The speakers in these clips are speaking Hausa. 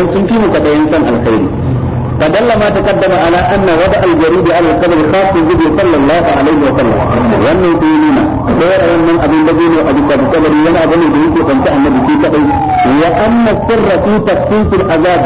don sun fi mu kwaɗayin san alkhairi فدل ما تقدم على ان وضع الجريد على القبر خاص به صلى الله عليه وسلم وانه ديننا غير من ابي الذين ابي القبر وانا اظن به كنت النبي في كبر وان السر في تخفيف العذاب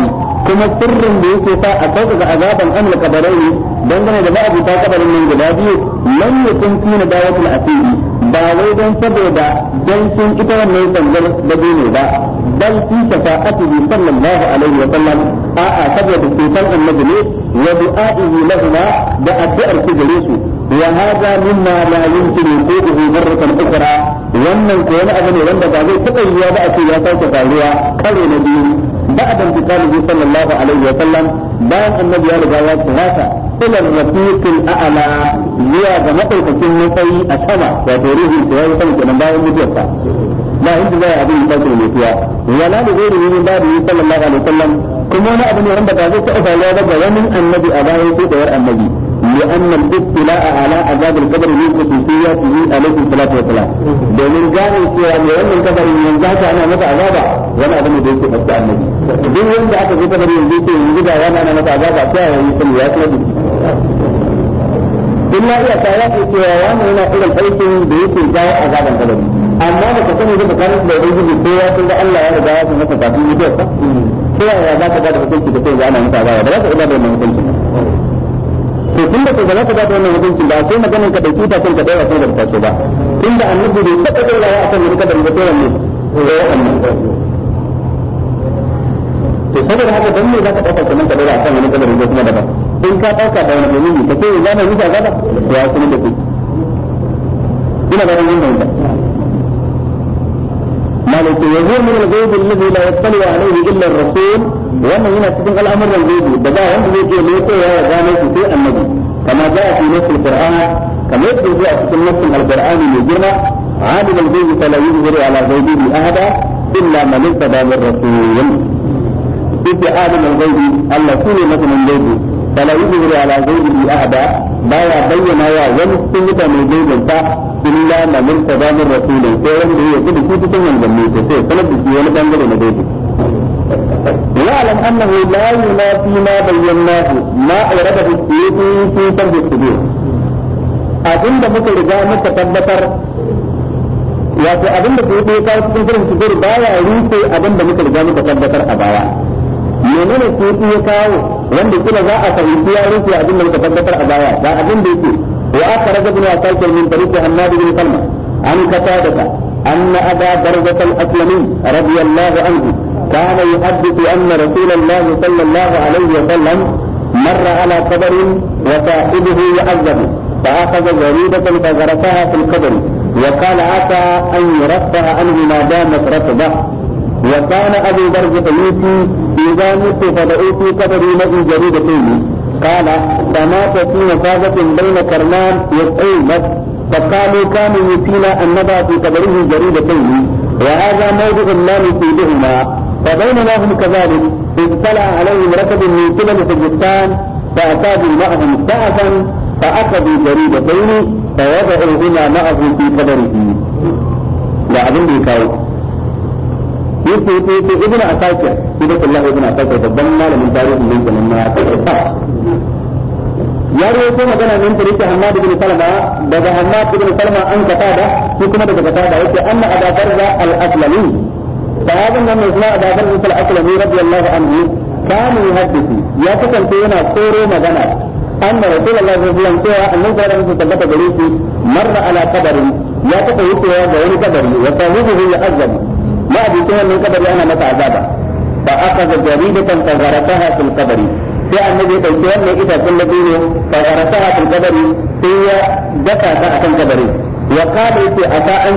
كما السر da yake sa a sauƙaƙa azaban an da kabarai dangane da ma'abuta kabarin nan guda biyu lam yakun fi nadawatul asiri ba wai don saboda don sun ita wannan tangar da ne ba بل في شفاعته صلى الله عليه وسلم آآ سبب الشيطان النجلي ودعائه لهما بأدئر الكجريس وهذا مما لا يمكن وقوعه مرة أخرى ومن كان أبني abu ne فقل يا بأسي يا صوت ba a ce بعد انتقاله صلى الله عليه وسلم بان النبي عليه الصلاة والسلام إلى الرفيق الأعلى زيادة مطلقة النقي أسمى وتوريه الكواب صلى الله عليه وسلم لا انت لا ابن بكر المتيا ولا لغيره من بابه صلى الله عليه وسلم كما انا ابن عند بعض السؤال لا بد ومن النبي اباه يقول النبي لأن الابتلاء على عذاب القبر من خصوصياته عليه الصلاة والسلام. domin gane cewa mai wannan kabari yanzu haka ana masa azaba wani abin da yake fasta annabi. Duk wanda aka zo kabari yanzu yake yanzu da wani ana masa azaba ta yaya yi sani ya kuma biki. Illa iya ta ya ce cewa wani yana irin aikin da yake jawo azaban kabari. amma ba ka sani da tsakanin da ubangiji ko ya san da Allah ya riga ya san masa kafin mutuwa sa ko ya za ka gada hukunci da kai ga ana masa azaba ba za ka iya da wannan hukunci to tun da kai ba za ka ba da wannan hukunci ba sai maganin ka dauki ta kanka dai wasan da ta so ba inda annabi bai taɓa dora ya akan rika da mutuwan ne ko ya annabi to saboda haka dan me za ka dauka kaman ka dora akan wani kabar da kuma daban in ka dauka da wani dalili ka ya za mu yi azaba ya kuma da ku ina ba da yin مالك يزور من الغيب الذي لا يطلع عليه إلا الرسول وأن هنا تكون الأمر الغيبي بدأ هم يجي ليته يا غامس في النبي كما جاء في نص القرآن كما يكتب في نص القرآن يجينا عالم الغيب فلا يظهر على غيبه أحدا إلا من ارتضى من الرسول في عالم الغيب الله كل مثل الغيب فلا يظهر على غيبه أحدا baya bayyana wa wani cikin mutane gaibin ta illa na min tadamin rasulun ko wanda ya gudu shi cikin manzanni ko sai kana da shi wani bangare na annahu la انه لا ينافي ما ma arada bi السيوطي fi شرح الصدور abinda muka riga muka tabbatar wato abinda ke yi kawo cikin shirin shigar baya rufe abinda muka riga muka tabbatar a baya menene ke yi kawo wanda kila za a fahimci ya rufe abin da ya tabbatar a baya ba abin da yake wa akhraj ibn asakir min tarihi hamad bin salma an katadaka anna aba barzah al-aslami radiyallahu anhu كان يحدث أن رسول الله صلى الله عليه وسلم مر على قبر وصاحبه يعذب فأخذ زريبة فغرسها في القبر وقال عسى أن يرفع عنه ما دامت رطبة وكان أبو برزة يوتي إذا مت فدعوتي كتبوا مئي جريدتين قال فمات في مفازة بين كرمان يقيمت فقالوا كانوا يوتينا أن نضع في قبره جريدتين وهذا موضع لا بهما فبينما هم كذلك اطلع عليهم ركب من قبل سجستان فأتى معهم سعفا فأخذوا جريدتين هنا معه في قبره. لا أظن yake yake yake ibn asakir ibn Allah ibn asakir babban malamin tarihin nan kenan na asakir ya rawaito magana nan tarihi Hamad ibn Salama daga Hamad ibn Salama an katada shi kuma daga katada yake anna Abu Darda al-Aslami sahabin nan mai suna Abu Darda al-Aslami radiyallahu anhu kana yuhaddisi ya kasance yana koro magana أن رسول الله صلى الله عليه وسلم أن نزل أن تثبت مرة على قدر لا تتوقع وين قدر وصاحبه يعذب ma abokin wannan kabari ana masa azaba fa akaza jaridatan fa gharataha fil qabri sai annabi ya dauki wannan itacen na dino fa gharataha fil qabri sai ya daka a akan kabari wa qala yake asa an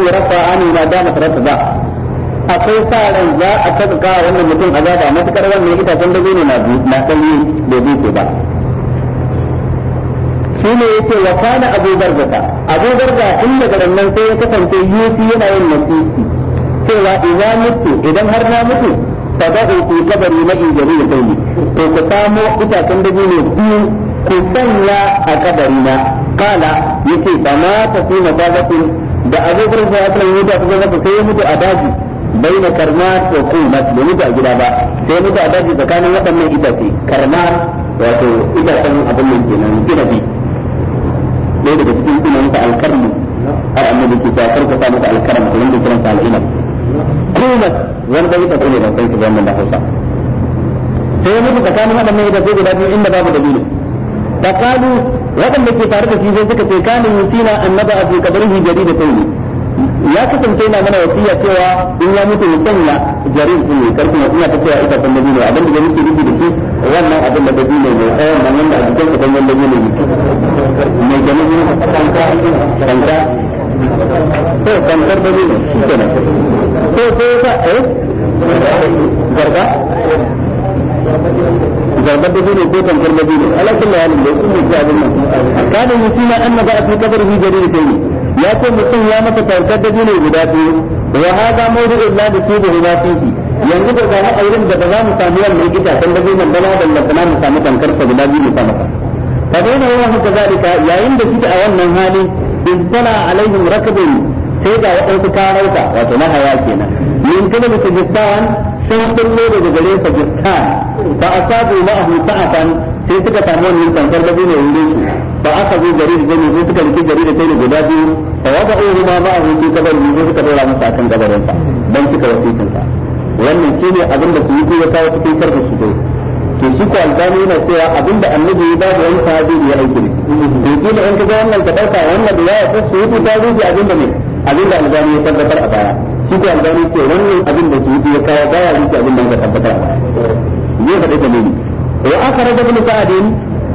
akwai sa ran za a tsaka wannan mutum azaba matakar wannan itacen da dino na na sanyi bai buke ba shi ne yake wa kana abu barzata abu barza tun daga nan sai ya kasance yusi yana yin nasisi cewa idan mutu idan har na mutu fa da ku kabari na injiri da kai to ku samo itacen da ne biyu ku sanya a kabari na kala yace ba ma ta fi mazabatin da abubuwan da aka yi da aka da sai mutu a daji baina ko ku kulmat da mutu a gida ba sai mutu a daji tsakanin waɗannan itace karmat wato itacen abin nan kenan inabi ɗaya daga cikin sunan ta alkarmu a annabi ke ta karkata mata alkarmu kuma da kiran ta alkarmu kumat wani bai ta kone ban san shi wannan da Hausa sai ya mutu tsakanin waɗannan ita sai guda biyu inda babu dalili faqalu waɗanda ke tare da shi sai suka ce kana yusina annaba fi qabrihi jarida tayyi ya kasance yana mana wasiya cewa in ya mutu ya sanya jarir din ne karfin ina ta cewa ita san dalili abin da yake rubi da shi wannan abin da dalili ne a wannan da cikin ka san dalili ne me gani ne kanka kanka to kankar dalili shi kenan ضربة بدون البيت في المدينة على كل حال لكم مجال كان يسمى أن بقى في قبره جريتين لا يكون أن يا متى تركت دين وهذا موضع لا بسيط هنا فيه يعني إذا كان أيضاً بتغاض مسامية الملكية أن بقى من بلاه بل بتغاض مسامية أن كرس بلا دين مسامية فبين الله كذلك يا إن بسيط أول من هذه إذ بلا عليهم ركبين sai ga waɗansu karauta wato mahaya kenan min kana da tajistan sun kullo daga gare sa ma a asabu a kan sai suka samu wannan tantar da ne wurin su ba aka zo gari da zai sai suka rike gari da kai guda biyu fa wata uhu ma ba a ma'ahu fi kabari sai suka dora masa kan kabarin sa dan suka wasitin sa wannan shine abin da su yi ya kawo cikin sarfa su dai to shi ko albani yana cewa abinda annabi ya ba da wani sahabi ya aiki ne to kila in ka ga wannan ka dauka wannan da ya ta su yi ta zuci abinda ne abin da albani ya tabbatar a baya shi ko albani ce wannan abin da suke ya kawo baya ne abin da ya tabbatar a baya ne faɗi da ne wa akara da ibn sa'ad ne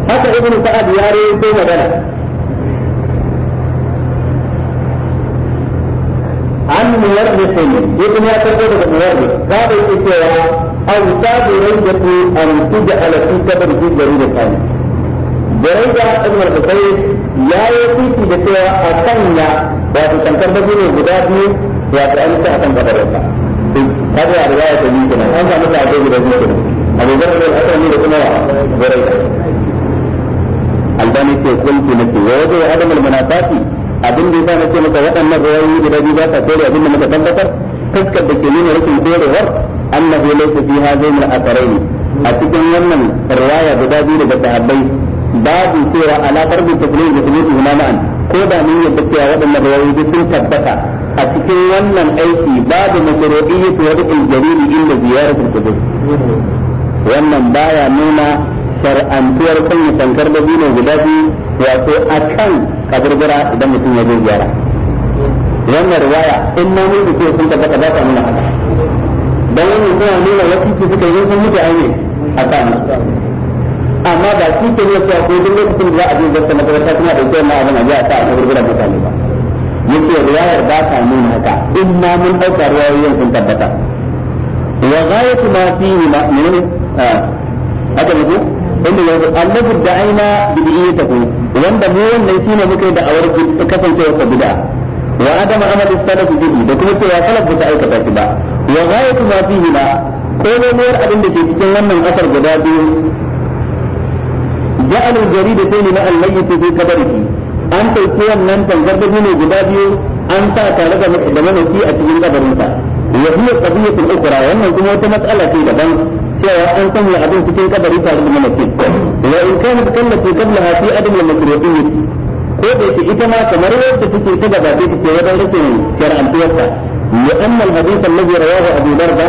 haka ibn sa'ad ya rayu ko magana an muwar da ce ne sai kuma ya tabbatar da muwar da ka da yake cewa an sabu ran da ku an tuja alaƙi kabar ji gari da kani da rai da haɗin marbatai ya yi tuki da cewa a kan ya wato tankar baki ne guda biyu wato an ta akan kabarinsa kaga ya riga ya ta biyu kenan an samu sa'adai guda biyu kenan abu zar da aka ne da kuma gurai albani ce kuntu nake wa wajen adam almunafati abin da yasa nake maka waɗannan rawayoyi guda biyu ba sa kore abin da muka tabbatar fuskar da ke nuna rashin korewar annahu laysa fi hadhihi al-atharayn a cikin wannan riwaya guda biyu daga sahabbai babu cewa ala fardu taslim da sunan imama'an ko da mun yadda cewa waɗannan rawayoyi duk sun tabbata a cikin wannan aiki babu da wa rukun jariri illa ziyaratul qubur wannan baya nuna shar'antuwar sanya tankar da ne guda biyu wato kan kaburbura idan mutum ya je ziyara wannan riwaya in ma mun da sun tabbata ba ta nuna haka dan wannan suna nuna wasu suka yi sun mutu a ne amma ba shi ke ne ta ko duk lokacin da za a je zarta makarata tana da kyau ma abin a ji a sa a gurgurar mutane ba yake riwayar ba ta nuna haka in ma mun ɗauka riwayoyin sun tabbata wa gayatu ma fihi ma min ah, aka ne inda yanzu annabi da aina ta ku wanda mu wannan ne muke da awar kasancewar sa bid'a wa adama amal salaf bihi da kuma cewa salaf ba su aikata shi ba wa gayatu ma fihi ma ko ne abin da ke cikin wannan asar guda biyu جعل الجريدتين مع الميت في قبره أنت يكون من تنجرد من جدابي أنت تعرف دمنك في أتجين قبرك وهي قضية أخرى وأنه كما مسألة في لبنك cewa an sanya abin cikin kabari tare da mamaci wa in kana kallati qablaha fi adam al masruqiyyah ko da yake ita ma kamar yadda take ta gabace take wajen rashin shar'antuwarta لأن الحديث الذي رواه أبو بردة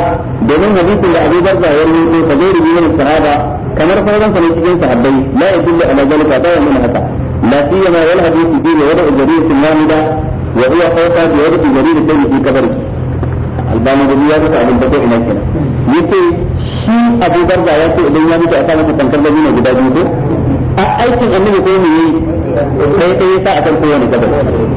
ضمن حديث أبي بردة يروي في غير من الصحابة kamar sauran sa cikin sahabbai la yadullu ala zalika ba yana haka la siyama wal hadithu bi wa wada jarir sunnamida wa huwa fawqa bi wada jarir sai fi kabari albani da ya ta abin da ko ina kenan yace shi Abu Darda ya ce idan ya mutu a kan tankar da ne guda biyu ko a aikin annabi ko me yayi sai sai yasa akan kowane gaba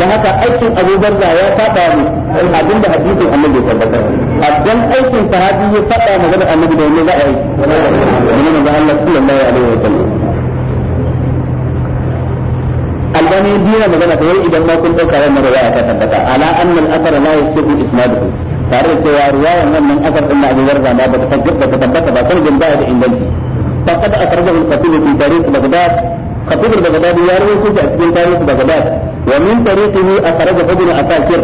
dan haka aikin Abu Darda ya saba mu abin da hadisin Annabi ya tabbata abdan aikin sahabi ya saba magana Annabi da ne za a yi ne manzo Allah sallallahu alaihi wa sallam albani dina magana ta yau idan ma kun dauka wannan riwaya ta tabbata ala anna al-athar la yasibu isnaduhu tare da cewa riwayar wannan athar din Abu Darda ma ba ta tabbata ba sanadin ba da inganci faqad akhrajahu al-Qatib fi tarikh Baghdad خطيب البغدادي يروي كل شيء في تاريخ بغداد ومن طريقه أخرجه ابن عساكر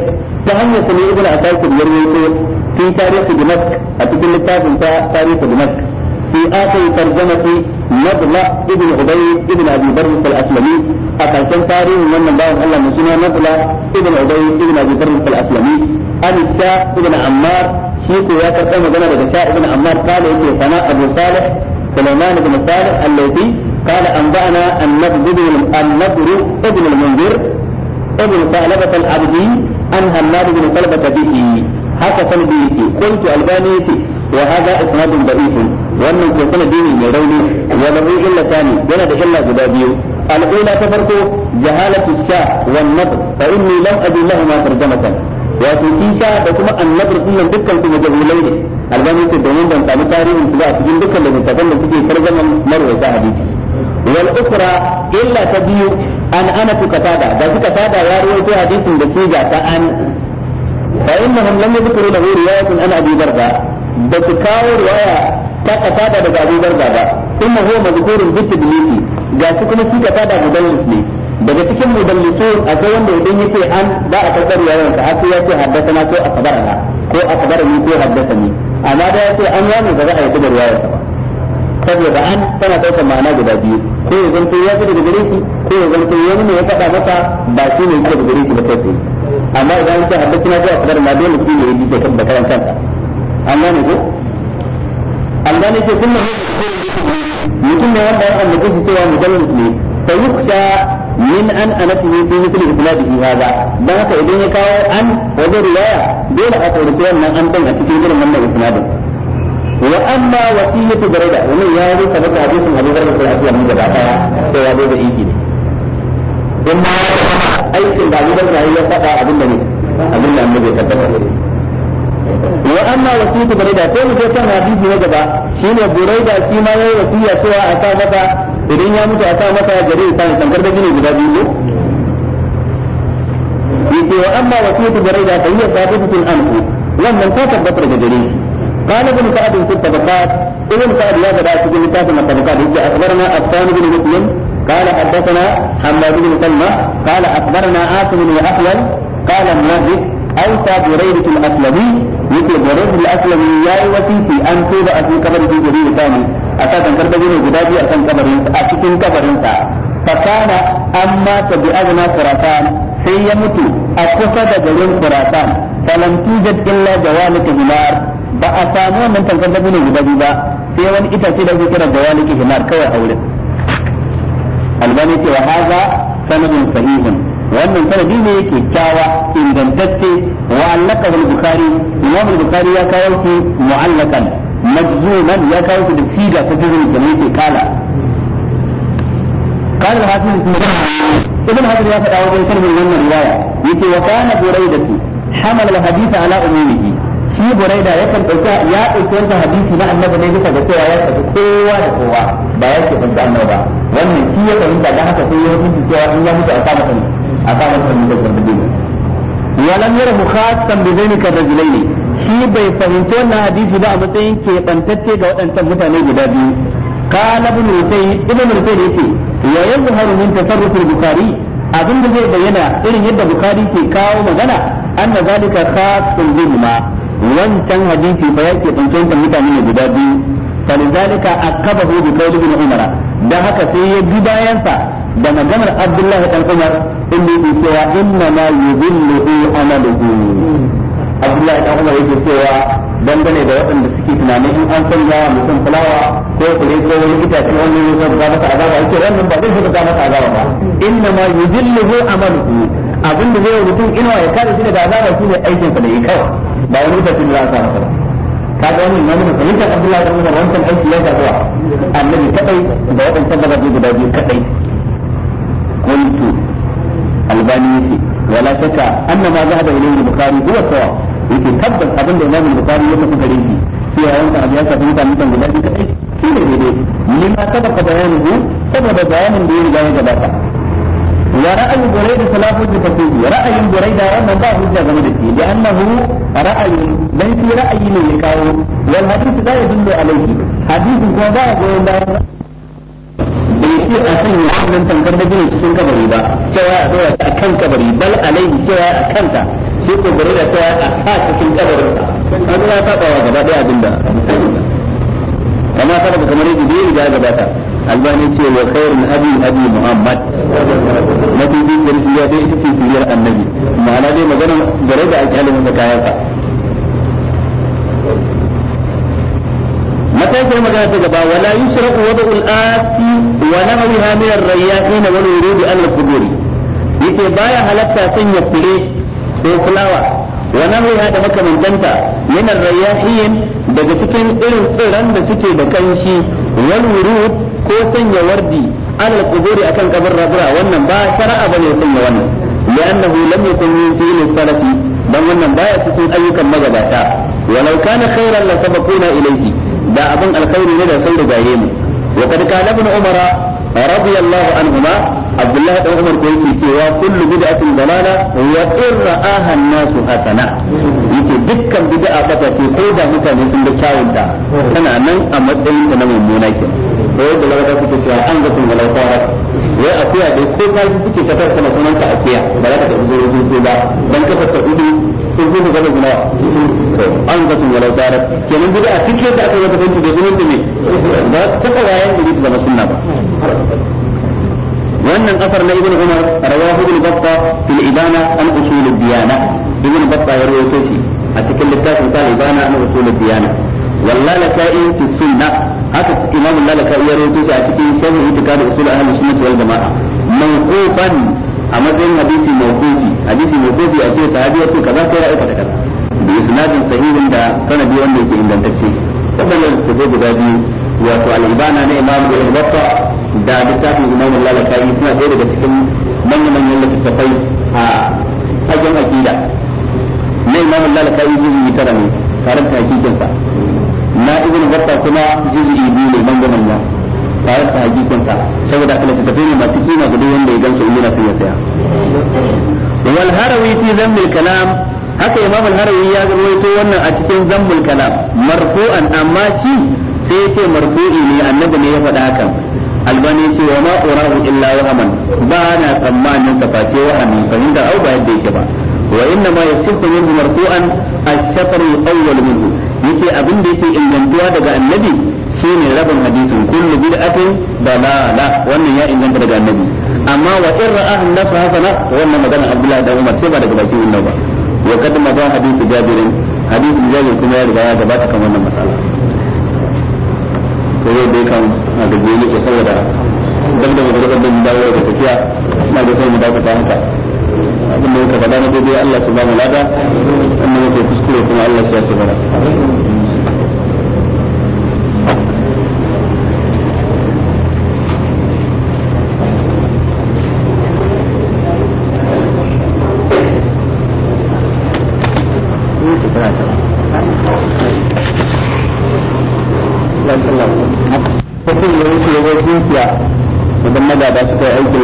فهم يسمي ابن عساكر يروي في تاريخ دمشق أتكلم التاسع تاريخ دمشق في آخر ترجمة نضلة ابن عبيد ابن أبي برز الأسلمي أكلتم تاريخ من بعض الله مسلم نضلة ابن عبيد ابن أبي برز الأسلمي أن الشاء ابن عمار شيخ يا كرتم جنب الشاء ابن عمار قال إنه سماء أبو صالح سليمان بن صالح الذي قال أنبأنا النضر بن النضر ابن المنذر ابن ثعلبة العبدي عن هماد بن سلمة به هكا سندي قلت ألباني وهذا إسناد ضعيف وأن يكون ديني من روني وله إلا ثاني ولد إلا جبابيو الأولى تفرق جهالة الشاء والنضر فإني لم أجد لهما ترجمة وفي isa بكما kuma annabar sunan dukkan في majahulai الليل ألباني ce domin ban samu tarihin su ba a cikin dukkan da littafan da suke wal ukhra illa ta biyu an ana tu katada da حديث tada ya rawaito hadisin da ke ta an fa innahum lam yadhkuru lahu riwayatun an abi darda da su kawo riwaya ta katada daga abi darda ba inna huwa ga kuma daga cikin mudallisun akwai wanda idan yace an za a karɓar riwayar ka aka yace na ko akbarana ko ni ko a amma da yace an ya mu ba za a yi da saboda an tana daukar ma'ana guda biyu ko ya zanto ya fi daga gare shi ko ya zanto ya nuna ya faɗa masa ba shi ne yake daga gare shi ba kai amma idan an ce haddace na zuwa kadar ma dole shi ne ya bi kan da karan kansa amma ne ko amma ne ce sunna mutum ne wanda ya ambace shi cewa mujallid ne fa yuksha min an anati ne anatihi fi mithli ibnadihi hada dan haka idan ya kawo an wajen riwaya dole a tsaurace wannan an dan a cikin irin wannan ibnadin واما وصيه بريده ومن يا سبب حديث ابي ذر في من جبهه سوى ابو ذر ايكي اما aikin da abu bakar ya faɗa abin da ne abin da annabi ya tabbata ne wa amma wasiyatu burayda sai mu kan hadisi na gaba shine burayda shi ma yayi wasiya cewa a sa masa idan ya mutu a sa masa gare ya san da gine guda biyu yace wa amma wasiyatu fa hiya wannan ta tabbatar da gare shi قال ابن سعد في الطبقات ابن سعد لا بد في كتاب الطبقات اخبرنا الثاني بن مسلم قال حدثنا حماد بن سلمى قال اخبرنا عاصم بن احول قال النافذ اوصى بريدة الاسلمي yake gare da aslami yayi wasiti an tuba a cikin kabarin da yake tani a kan karbar ne guda biyu a kan kabarin a cikin kabarin sa fakana amma ta bi azna quratan sai ya mutu a kusa da garin quratan falam tujad illa jawalat bilar ba a samu wannan tankar dabino guda biyu ba sai wani itace da ake kira da waliki himar kawai a wurin albani ce haza wannan sanadi ne kyakkyawa ingantacce wa allaka bukhari imam bukhari ya kawo shi mu'allakan majzuman ya kawo shi da siga ta jizun da yake kala قال الحافظ ابن حجر يا فتاوى بن كلمه من الروايه وكان بريده حمل الحديث على امومه shi buraida yakan dauka ya dauki wannan hadisi na annabi ne bisa ga cewa ya tafi kowa da kowa ba ya ke fanta annabi ba wannan shi ya fahimta da haka sai ya hukunta cewa in ya mutu a kama sani a kama kan da gurbin walam yarahu khassan bi zainika rajulaini shi bai fahimci wannan hadisi ba a matsayin ke bantacce ga waɗancan mutane guda biyu قال ابن رسي ابن رسي يتي ويظهر من تصرف البخاري abin da zai bayyana irin yadda bukari ke kawo magana anna zalika khasun bihima wancan hadisi ba yake tantance mutane ne guda biyu فلذلك أكبه بقول da عمر ده da سي بداية ده مجمع عبد الله بن عمر اللي بيسوى إنما يذله عمله عبد الله بن عمر يسوى dangane da waɗanda suke tunanin in an ya mutum fulawa ko kure ko wani itace wani ne zai ba masa azaba yake wannan ba zai zama masa azaba ba inna ma yuzilluhu amaluhu abin da zai mutum inuwa ya kare shi daga azaba shine aikin sa da yi kawai ba wani mutum da za a Ka kaga wani na nuna fahimtar Abdullahi dan Umar wancan aiki ya tafi annabi kadai da wadannan sababi guda biyu kadai kuntu albani yake. wala shakka anna ma zahaba ilayhi al-bukhari huwa sawa yake tabbas abin da Imam al-Bukhari ya mutu gare shi sai ya wanka abu ya tafi da mutan guda biyu kadai shi ne daidai lima sabaka bayanin saboda bayanin da ya riga ya gabata ورأي رأي بريدة فلا حجة فيه رأي بريدة رأى من ذا حجة غمد لأنه رأي ليس رأي من يكاو والحديث لا يدل عليه حديث كوضاء قول الله بيتي أسن محمد تنكر بجنة سن كبري با سواء دوا أكن كبري بل عليه سواء أكن تا سيكو بريدة سواء أساس سن كبري سا أنا لا تقوى جبادي أدل كما سبق كما يجي بيه جاء جباتا الباني شيء وخير من أبي أبي محمد ما تيجي كرسية بيه في سير إيه النبي ما أنا دي مجانا درجة أجهل من ذكاياسا متى يصير مجانا في جبا ولا يشرق وضع الآت ونغوها من الرياحين ولو يريد أن القبور يتبايا هلتا سنة فلي وفلاوة wa nahwiha da makamantanta yana ar-riyahin daga cikin irin tsiran da suke da kanshi wal ko sanya wardi alal quburi akan kabar rabura wannan ba shari'a bane sanya wannan li'annahu lam yakun min fi'l salafi dan wannan baya cikin ayyukan magabata walau na khairan la sabaquna ilayhi da abin alkhairi ne da sun rigaye mu wa kad kana ibn umara radiyallahu anhuma abdullahi dan umar ko yake cewa kullu bid'atin dalala wa in ra'aha an-nasu hasana yake dukkan bid'a fata ce ko da mutane sun ga tana nan a matsayin ta na mummuna ke ko yadda lalata suke cewa an ga tun galau fara wai akuya dai ko ta yi kuke fatar sama sunan ta akuya ba za ka tafi zuwa sun ko ba dan kafar ta udu sun zo gaba an da da ba zama وان الاثر لابن عمر رواه ابن بطه في الابانه عن اصول الديانه ابن بطه يروي تيسي اتكلم للتاسع بتاع الابانه عن اصول الديانه واللالكائي في السنه هكا امام اللالكائي يروي تيسي اتكلم سنه اعتقاد اصول اهل السنه والجماعه موقوفا اما بين حديث موقوفي حديث موقوفي اصير صحابي اصير كذا كذا كذا كذا بإسناد صحيح عند سند يوم يجي عند التكسير. قبل الكتب الغادي وقال الإبانة إمام ابن بطة da littafin imamu lalatai suna ɗaya daga cikin manya-manyan littattafai a fagen aƙida na imamu lalatai jizgi tara ne tare da hakikinsa na ibn batta kuma jizgi biyu ne manya-manya tare da hakikinsa saboda aka littattafai ne masu kima ga duk wanda ya gan su yana sun ya saya wal harawi fi zammil kalam haka imam al-harawi ya rawaito wannan a cikin zammul kalam marfu'an amma shi sai ya ce marfu'i ne annabi ne ya faɗa hakan albani ce wa ma urahu illa wahaman ba na tsammanin sa face wahami fahimta au ba yadda yake ba wa inna ma yasifu min marfu'an ash-shatr al-awwal minhu yace abin da yake ingantuwa daga annabi shine rabin hadisin kullu bid'atin dalala wannan ya inganta daga annabi amma wa in ra'ahu an hasana wannan magana Abdullahi da Umar sai ba daga baki wannan ba wa kadma ba hadisi jabirin hadisin Jabir kuma ya riga ya gabata kan wannan masala to yau dai kan na da gobe ke saboda dan da magana da dawo daga tafiya ina da sai mu dawo ta haka abin da muka faɗa na daidai Allah subhanahu wa ta'ala annabi ke kuskure kuma Allah ya tsara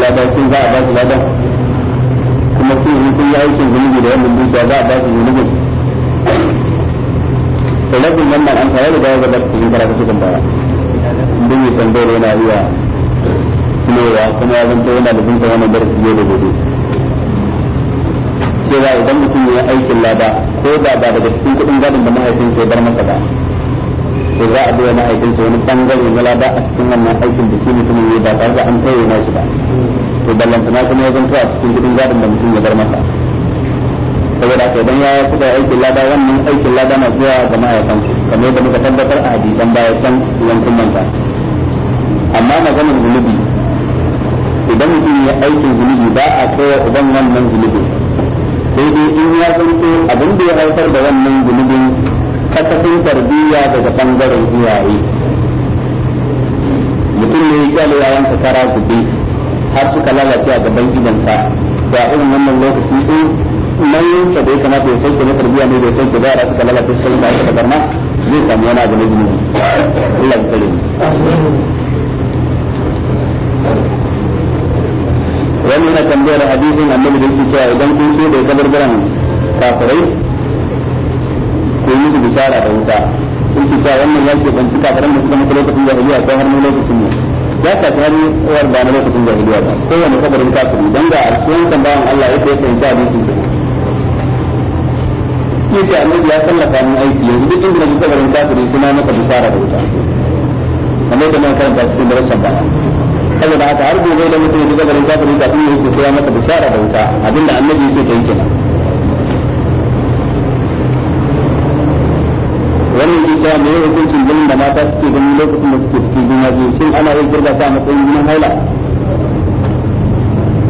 lada shin za a ba su lada kuma sun yi sun yi aikin zunubi da wannan dukiya za a ba su zunubi to wannan an tare da dawo da cikin baya duk mai tambayar yana iya kuma ya zanto yana da wannan da gobe cewa idan mutum ya aikin lada ko da ba daga cikin kuɗin da bar masa ba to za a biya mahaifinsa wani bangare na lada a cikin wannan aikin da shi mutumin ba tare da an kai na shi ba to ballantana kuma ya zanto a cikin kudin gadon da mutum ya bar masa saboda haka idan ya suka aikin lada wannan aikin lada na zuwa ga ma'aikatan kamar yadda muka tabbatar a hadisan baya can yankun manta amma maganar zunubi idan mutum ya aikin zunubi ba a kai uban wannan zunubi sai dai in ya zanto abin da ya haifar da wannan zunubin kasafin tarbiyya daga bangaren iyaye mutum ne ya kyale yayansa kara zube har suka lalace a gaban gidansa da irin wannan lokaci in nan yanke da ya kamata ya sauke na tarbiyya ne da ya sauke yara suka lalace suka yi da barna zai samu wani abu na jini Allah ya tsare wani yana tambayar hadisin annabi da yake cewa idan kun so da ya kabarbaran kafirai ko yi musu bishara da wuta kun ce cewa wannan ya ke banci kafiran da suka mutu lokacin jahiliya ko har mu lokacin ne ya ta tare uwar ba na lokacin jahiliya ba wani kabarin kafiri dan da alƙawarin bayan Allah yake yake ta bisu yace annabi ya sallaka mun aiki yanzu duk inda ji kabarin kafiri suna masa bisara da wuta amma da man karanta cikin darasin ba saboda haka har gobe da mutum ya kabarin kafiri da ya wuce sai ya masa bisara da wuta abinda annabi yake ta yi kenan wannan yake cewa me ya hukuncin ganin da mata suke ganin lokacin da suke juna biyu ana yin kirga ta matsayin jinin haila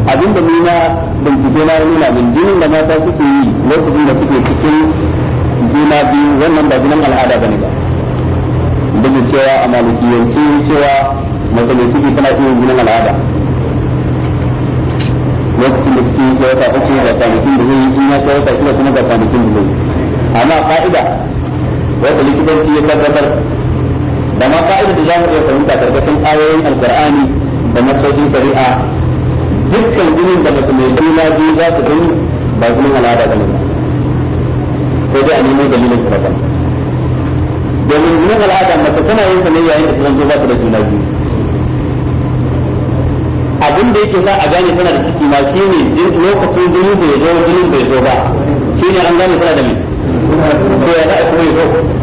abin da nuna bincike na nuna min jinin da mata suke yi lokacin da suke cikin juna biyu wannan ba jinin al'ada bane ba duk da cewa a malikiyance cewa mace mai ciki tana iya jinin al'ada lokacin da suke da wata uku ga kwanakin da zai yi in ya kai wata kuma ga kwanakin da zai yi amma fa'ida wata likitanci ya tabbatar da ma fa'idar da za mu iya fahimta karkashin ayoyin alqur'ani da nasoshin shari'a dukkan jinin da mutum mai juna biyu za su gani ba jinin al'ada ba ne ko dai a nemo dalilin su ba domin jinin al'ada mace tana yin sa ne yayin da tunan ba ta da juna biyu abin da yake sa a gane tana da ciki ma shi ne lokacin jinin da ya zo jinin bai zo ba shi ne an gane tana da mai ko ya za a kuma ya zo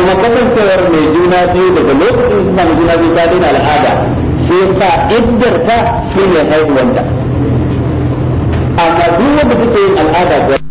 kuma kasancewar mai juna biyu daga lokacin suna mai juna biyu ta daina al'ada shi yasa iddar ta shi ne haihuwanta amma duk wanda take yin al'ada